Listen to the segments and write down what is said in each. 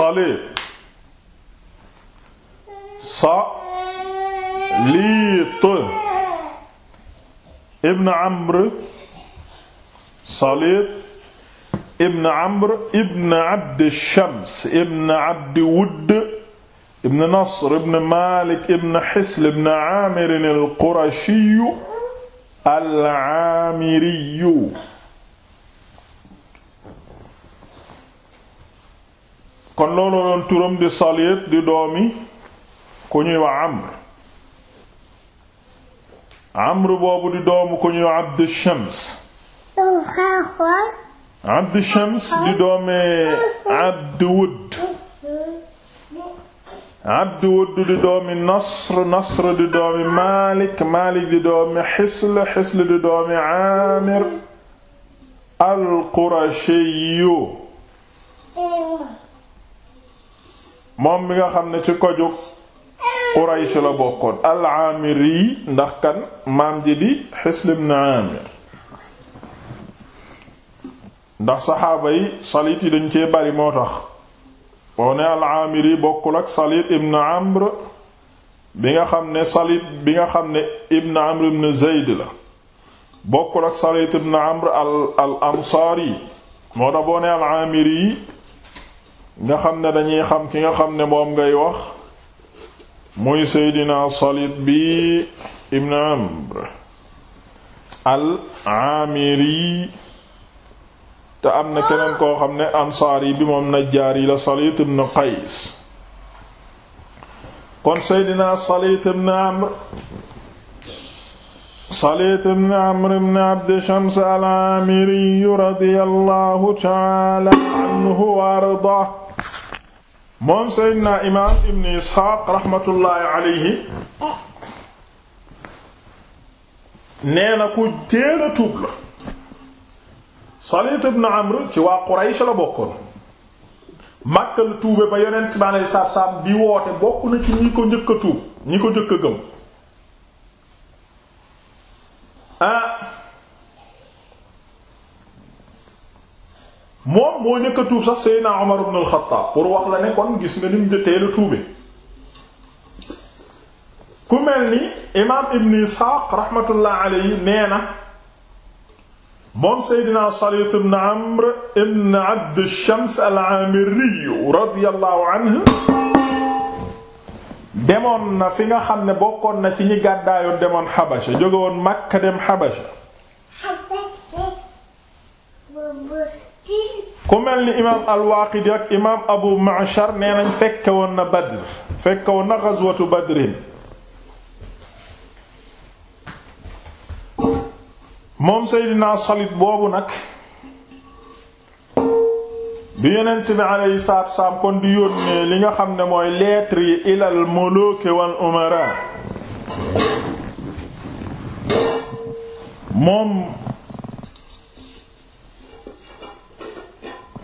salib saliit ibn amr saliit ibn amr ibn abd shams ibn abd wudd ibn nasr ibn malik ibn hisl ibn amir al qurashi al amiri kon loolu doon turam di Saliit di doomi ku ñuy wax Amr Amr boobu di doomu ku ñuy wax Abdu Shams Abdu di doomi Nasr Nasr di doomi Maalik Maalik di doomi Xisl Xisl di doomi Aamir al-Qurashiyu moom mi nga xam ne ci kojuk Quraysh la bokkoon al-Aamiri ndax kan maam ji di Hisl ibn Aamir ndax saxaaba yi Salit yi dañ ci bari moo tax boo ne al-Aamiri bokkul ak Salit ibn Amr bi nga xam ne Salit bi nga xam ne ibn Amr ibn Zayd la bokkul ak Salit ibn Amr al Ansaari moo tax boo ne al-Aamiri nga xam ne dañuy xam ki nga xam ne moom ngay wax muy seydina Salit bi ibn Amr al-Amiri te am na keneen koo xam ne ansaar bi moom na yi la Salit ibn Qays kon seydina Salit ibn Amr Salit ibn Amr ibn Abd Shams al-Amiri radiyallahu ta'ala anhu wa ardaahu moom seydna imaam ibn isxaaq raxmatullaahi alayhi nee na ku teel a tuub la salit ibn amr ci waa quraysh la bokkoon Makka tuube ba yonent bi alayhi salaatu salaam di woote bokk na ci ñi ko njëkk a tuub ñi ko njëkk gëm ah, moom moo njëkk a tuub sax Seydina Omar ibn al-Khattab pour wax la ne kon gis nga ni mu jotee tuube ku mel ni imaam Ibn Isxaaq rahmatullah alayhi nee na moom Seydina Salit ibn Amr ibn Abd Shams al-Aamiri radiyallahu anhu demoon na fi nga xam ne bokkoon na ci ñi gàddaayoon demoon Xabasha jóge woon Makka dem Xabasha ku mel ni imaam al-Waaqidi ak imaam Abu Ma'shar nee nañ fekke woon na Badr fekke woon na ghazwatu Badrin moom Seydina Salit boobu nag bi Yonent bi alayhi salaatu kon di yónnee li nga xam ne mooy lettre yi ilal muluuk wal umaraa moom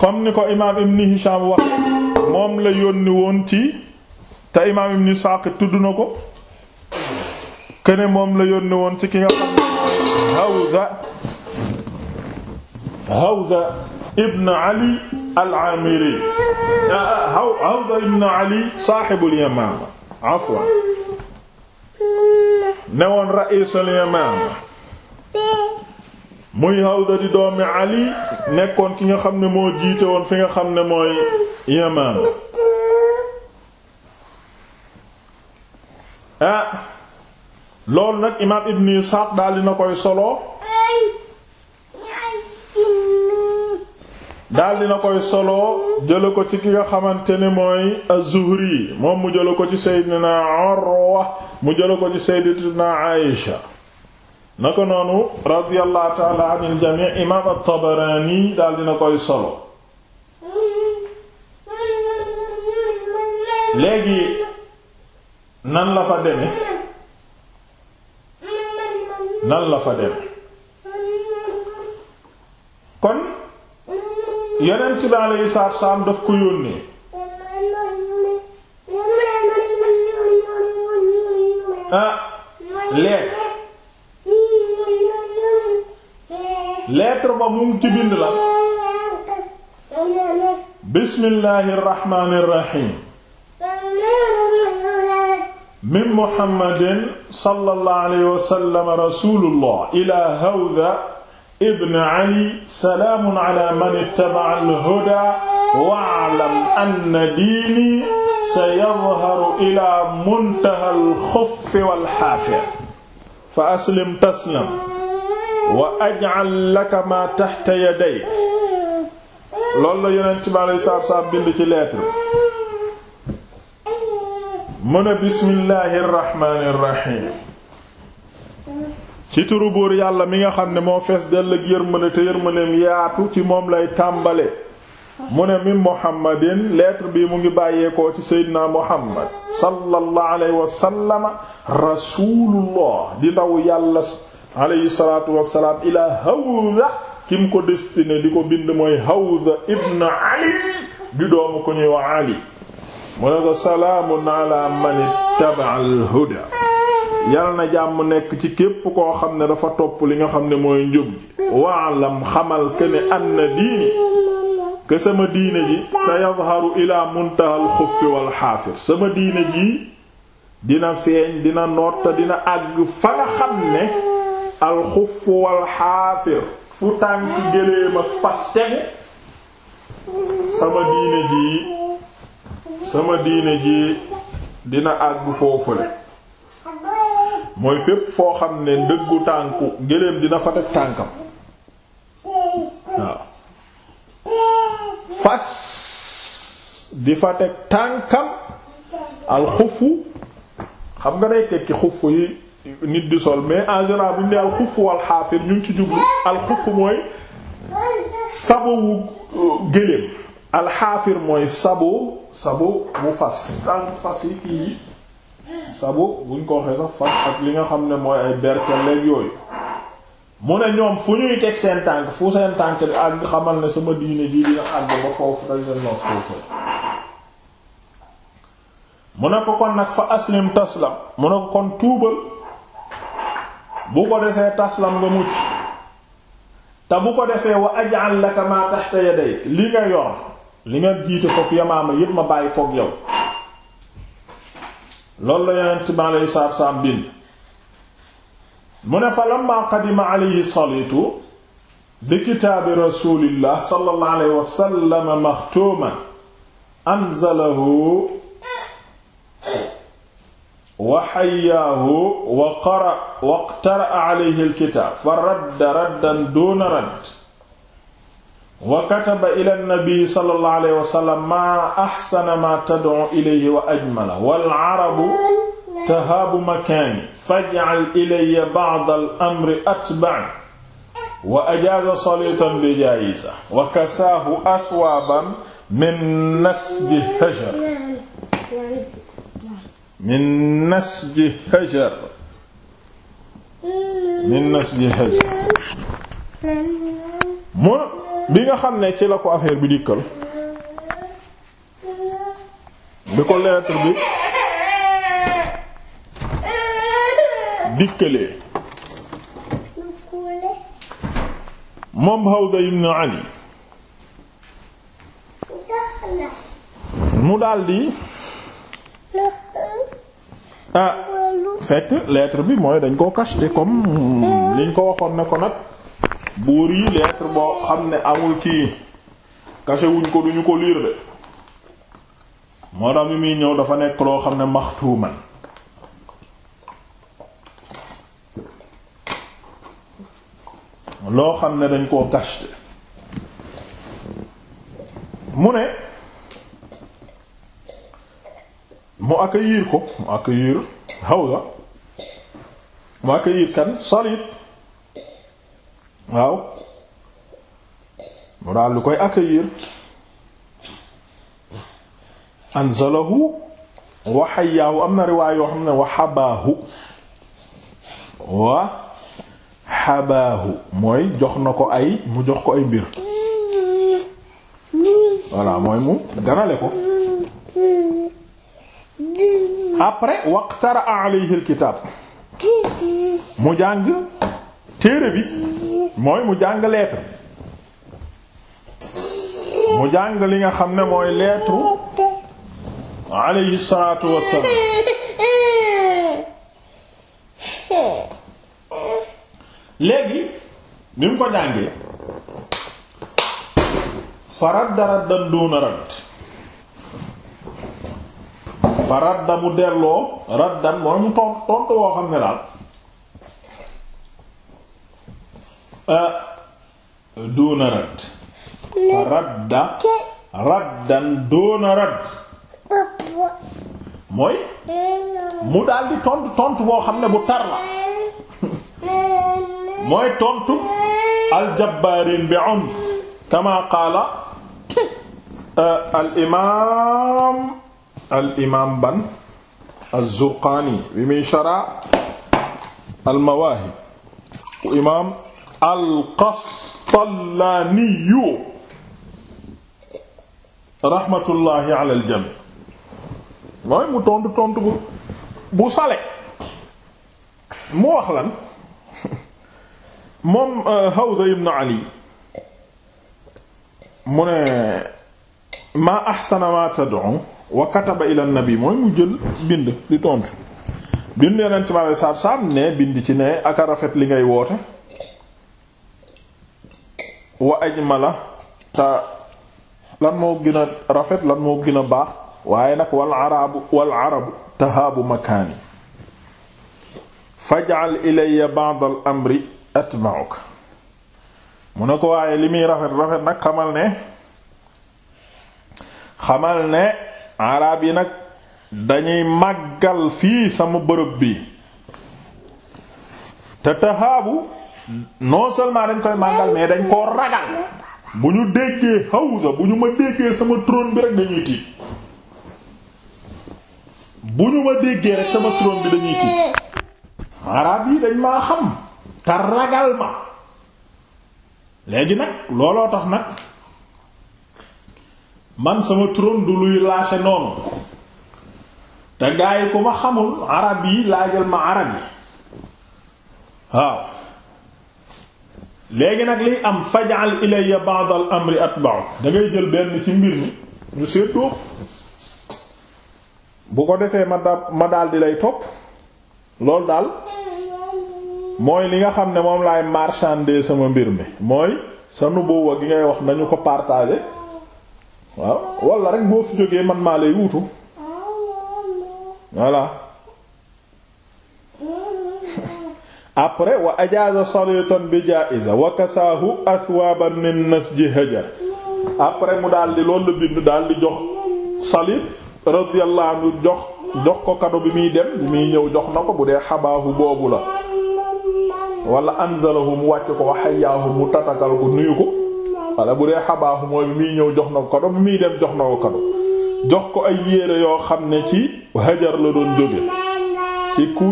kon ni ko imaam ibn Hisham wax moom la yónni woon ci te imaam ibn Isaaq tudd na ko kene moom la yónni woon ci ki nga xam ne ibn Ali al-Amiri Hawza ibn Ali saaxibul Yamaama afwan newoon ra'iisul Yamaama muy Hawza di doomi Ali nekkoon ki nga xam ne moo jiite woon fi nga xam ne mooy Yaman ah loolu nag imaam Ibn Ishaq daal dina koy solo daal na koy solo jële ko ci ki nga xamante ne mooy Az-Zuhri moom mu jële ko ci Seydina Urwa mu jële ko ci Sayyidatuna Aïsha na ko noonu radiyallahu taala an il jamii imaam at-Tabarani daal dina koy solo léegi nan la fa deme nan la fa deme kon yonent bi alayhi salaatu salaam daf ko yónnee ah lettre ba mu ci bind la bismillahi rrahmaani rrahiim min muhammadin sallallahu alayhi wa sallam rasulullah ila hawza ibn ali salaamun ala man ittaba'a al-huda wa'lam anna diini sayadharu ila muntaha al-khuffi wal-haafi fa aslim taslam wa aj'al laka ma tahta yaday loolu la yonent bi aleyhi salaatu salaam bind ci lettre mu ne bismillahir rahmanir rahim ci turu buur yàlla mi nga xam ne moo fees dell ak yërmande te yërmandeem yaatu ci moom lay tàmbale mu ne min muhammadin lettre bi mu ngi bàyyeekoo ci seydina muhammad sallallahu di ndaw yàlla alayhi salaatu wassalaam ilaa hawza ki mu ko destiné di ko bind mooy hawza ibn ali di doomu ko ñuy wax ali mu ne ko salaamun ala man ittaba'a al-huda yal na jàmm nekk ci képp koo xam ne dafa topp li nga xam ne mooy njub waalam xamal ke ne anna diini ke sama diine ji sa yadharu ila muntaha al wal haafir sama diine ji dina feeñ dina noot dina àgg fa nga xam ne alxuf xaafir fu tànk gëléem ak fas tegu sama diine ji sama diine ji dina àgg foofule mooy fépp foo xam ne ndëggu tànku gëléem dina fa teg tànkam waaw fas di fa teg tànkam alxufu xam nga day tekki xufu yi nit di sol mais en général bu ñu nee alxuf wal xaafir ñu ci jublu alxuf mooy sabowu euh, gëléem alxaafir mooy sabo sabu mu fas tànk fas yi kii sabu buñ ko waxee sax fas ak li nga xam ne mooy ay berkeleeg yooyu mu ne ñoom fu ñuy teg seen tànk fu seen tànk di xamal ne sama diine jii dina àgg ba foofu dañ leen wax foofu mu ne ko kon nag fa aslim taslam mu ne ko kon tuubal bu ko desee taslam nga mucc te bu ko defee wa aj'al laka ma tahta yadayk li nga yor li nga jiite foofu yamaama yépp ma bàyyi koog yow loolu la yonent bi alayhi salaatu salaam mu ne fa lamma qadima alayhi salitu bi kitaabi rasulillah sallallahu alayhi wa anzalahu wa xayyaahu wa qara waqtara alayhi alkitaab fa radda raddan duuna radd wa kataba ila nnabii sallallahu alayhi wa sallam maa axsana maa tad'u ilayhi wa ajmala wal arabu tahaabu makaani faj'al ilayya ba'da al-amri atba'i wa ajaaza saliitan bi jaayiza wa kasaahu athwaaban min nasji hajar min nasji hajar min nasji hajar mu bi nga xam ne ci la ko affaire bi dikkal bi ko lettre bi dikkalee moom Hawza ibn Ali mu daldi ah fekk letre bi mooy dañ koo cacheté comme liñ ko waxoon ne ko nag buur yi lettre boo xam ne amul kii caché wuñ ko duñu ko liir de moo tax mi muy ñëw dafa nekk loo xam ne maxtuuman loo xam ne dañ koo cacheté mu ne mu accueillir ko mu accueillir Hawza mu accueillir kan Salit waaw mu daal lu koy accueillir anzalahu wa hayyaahu am na riwaay yoo xam ne wa habaahu wa habaahu mooy jox na ko ay mu jox ko ay mbir voilà mooy mu ganale ko après waqtara alayhi alkitab mu jàng téere bi mooy mu jàng lettre mu jàng li nga xam ne mooy lettre alayhi salaatu wassalaam léegi bi mu ko jàngee fa radda raddan duuna radd fa radda mu delloo raddan mooy mu tontu tontu woo xam ne daal euh, duuna radd fa radda raddan duuna radd mooy mu daldi tontu tontu boo xam ne bu tar la mooy tontu aljabbaarin bi unf kama qaala euh, al imaam al imaam ban az-Zurqaani bi muy shara al mawaahib bu imaam al Qastallaaniyu rahmatullahi ala al jami mooy mu tontu tontu bu bu sale mu wax lan moom euh, Hawza ibn Ali mu ne maa ahsana maa tad'u wa kataba ila nabi mooy mu jël bind di tontu bind yeneen ci ma saab saab ne bind ci ne aka rafet li ngay woote wa mala ta lan moo gën a rafet lan moo gën a baax waaye nag wal arabu wal arabu tahaabu makaani faj'al ilayya ba'd al amri atba'uka mu ne ko waaye li muy rafet rafet nag xamal ne xamal ne araab yi nag dañuy màggal fii sama bërëb bi te tahaabu non seulement dañ koy màggal mais dañ koo ragal bu ñu déggee hawza bu ñu ma déggee sama trône bi rek dañuy tiit bu ñu ma déggee rek sama trône bi dañuy tiit araab yi dañ maa xam te ragal ma léegi nag looloo tax nag man sama turam du luy lâché noonu te gaa yi ku ma xamul arab yi laajal ma arab yi waaw léegi nag liy am fajal ilayya ba'd al amri atba'u da ngay jël benn ci mbir mi ñu seetoo bu ko defee ma da ma daal di lay topp loolu daal mooy li nga xam ne moom lay marchander sama mbir mi mooy sa nubuwa gi ngay wax nañu ko partager waaw walla rek boo fi jógee man maa lay wutu voilà après wa ajaza salitan bi jaiza wa kasaahu athwaban min hajar après mu daal di loolu la bind daal di jox salit radiyallahu anhu jox jox ko kado bi muy dem bi muy ñëw jox na ko bu dee xabaahu boobu la wala anzalahu mu wàcc ko wa xayaahu mu tatakal ko nuyu ko la bu dee xabaaxu mooy bi muy ñëw jox na ko kado bi muy dem jox na ko kado jox ko ay yére yoo xam ne ci hajar la doon jóge ci ku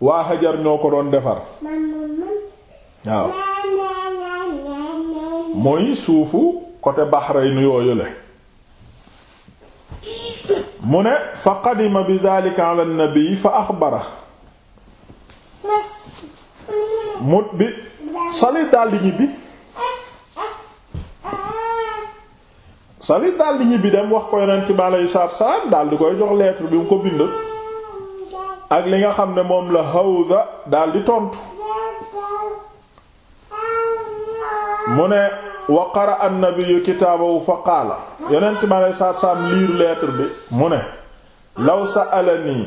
waa hajar ñoo ko doon defar waaw mooy suufu côté Bahrayn yooyu la mu ne fa qadima bi dhalika ala nabi fa axbara mut bi sali daldi ñibbi Salit daal di ñibbi dem wax ko yonent bi aleyhi salaatu salaam daal di koy jox lettre bi mu ko bind ak li nga xam ne moom la Hawza daldi di tontu mu ne wa qara'a an-nabiyyu kitaabahu fa qaala yonent bi aleyhi salaatu salaam liir lettre bi mu ne law sa'alanii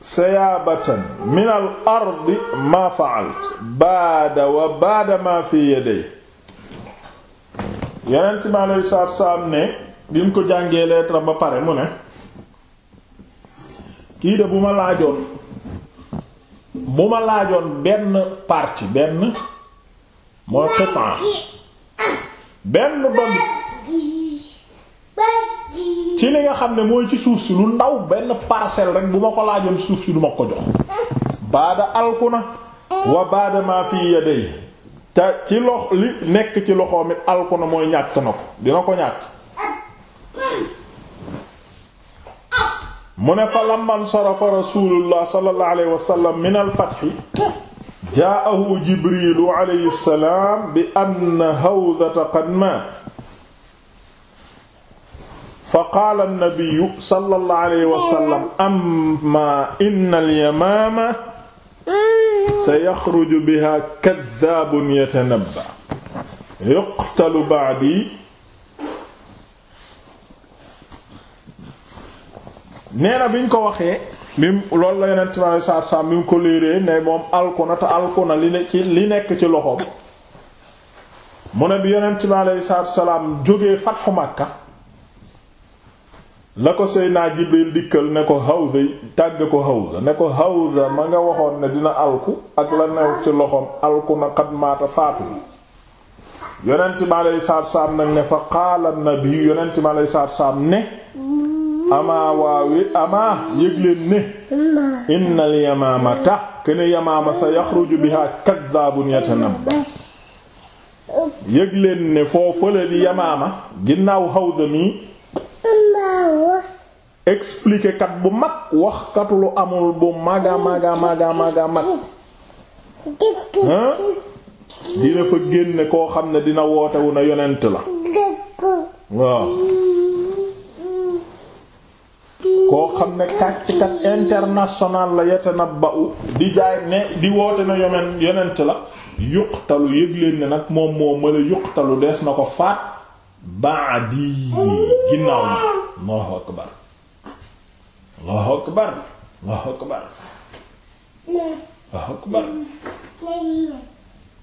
siyaabatan min al-ardi maa fa'altu baada wa baada maa fii yadayhi yonent bi aleyhi salaatu salaam ne bi ko jàngee lettre ba pare mu ne kii de bu ma laajoon bu ma laajoon benn partie benn mooy xetan benn dog ci li nga xam ne mooy ci suuf si lu ndaw benn parcelle rek bu ma ko laajoon suuf si du ma ko jox baada alkuna wa baada ma fi te ci lox li nekk ci loxoom it alku mooy ñàkk na ko dina ko ñàkk mu ne fa lamman sarafa rasulullah sallallahu alayhi wa sallam min al fath jaahu alayhi salaam bi anna hawdata qad maat fa qaala an-nabiyyu sallallahu alayhi wa sallam amma sa yaxruju biha kaddaabun yatanabba yuqtalu ba'di nee na bi biñ ko waxee mim loolu la yonent ma saa saa mi ko léeree ne moom alku na te alku li ne ci li nekk ci loxoom mu ne bi yonent bi aleyhi salaatu wa salaam jógee fatxu Makka la ko Seydina Jibril dikkal ne ko Hawza tàgg ko Hawza ne ko Hawza ma nga waxoon ne dina alku ak la new ci loxoom alku na xat maata faatu yonent mi aleyhi salaatu salaam nag ne fa qaala nabi yonent mi aleyhi salaatu salaam ne amaa waawi amaa yëg ne innal yamaamata kene yamaama sa yaxruju biha kaddaabun yatanabba yëg leen ne foo fële di yamaama ginnaaw Hawza mi expliquer kat bu mag wax lu amul bu maga maga maga maga mag dina fa génne koo xam ne dina wootewu na yonent la waaw koo xam ne di jaay ne di woote nag moom moo mala yuqtalu dees na ko faat baadi ginnaaw na waaw akbar Allahu akbar Allahu akbar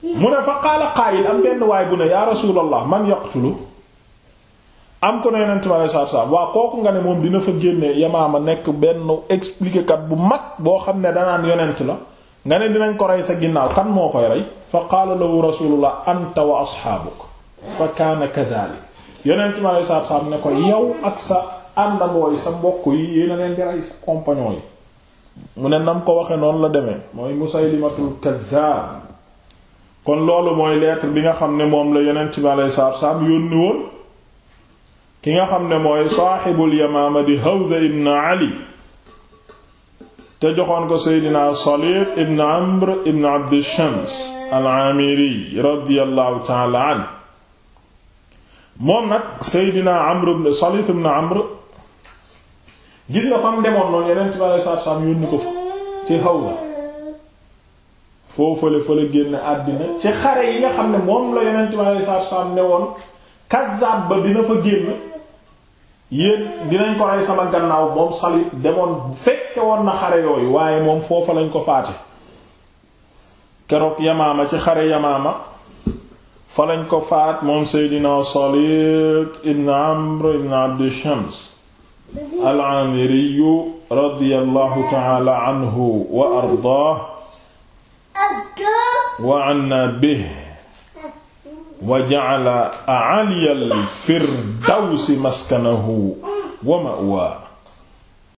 mu ne fa qaala qaa'il am benn waay bu ne yaa rasuulallah man yaqtulu am ko ne yonent bi alayhi salaam waa kooku nga ne moom dina fa génne yamaama nekk benn expliquer kat bu mag boo xam ne danaan yonent la nga ne dinañ ko rey sa ginnaaw kan moo koy rey fa qaala lahu rasuulullah anta wa asxaabuk fa kaana kadhaalik yonent bi alayhi salaam ne ko yow ak sa àndandoo sa mbokk yi yéena leen di sa compagnon yi mu ne nam ko waxe noonu la demee mooy musaylimatul kaddaab kon loolu mooy lettre bi nga xam ne moom la yonent bi alayhi salaatu salaam yónni woon ki nga xam ne mooy saaxibul yamaama di Hawza ibn Ali te joxoon ko seydina Saliit ibn Amr ibn Abd Shams al-Aamiri radiyallahu ta'ala an moom nag seydina Amr Saliit ibn Amr gis nga fam demoon noonu yeneen ci ma lay saabsaab yónni ko fa ci Hawla foo fële fële génn àddina ci xare yi nga xam ne moom la yeneen ci ma lay saabsaab ne woon kazzab ba dina fa génn yéen dinañ ko rey sama gannaaw moom Salih demoon fekke woon na xare yooyu waaye moom foofa lañ ko faate keroog Yamaama ci xare Yamaama. fa lañ ko faat moom Seydina Salih ibn Amr ibn Abd Shams al-Aamiriyu radiyallahu ta'ala anhu wa ardaahu wa anna bihi wa ja'ala a'la al-firdawsi maskanahu wa ma'waahu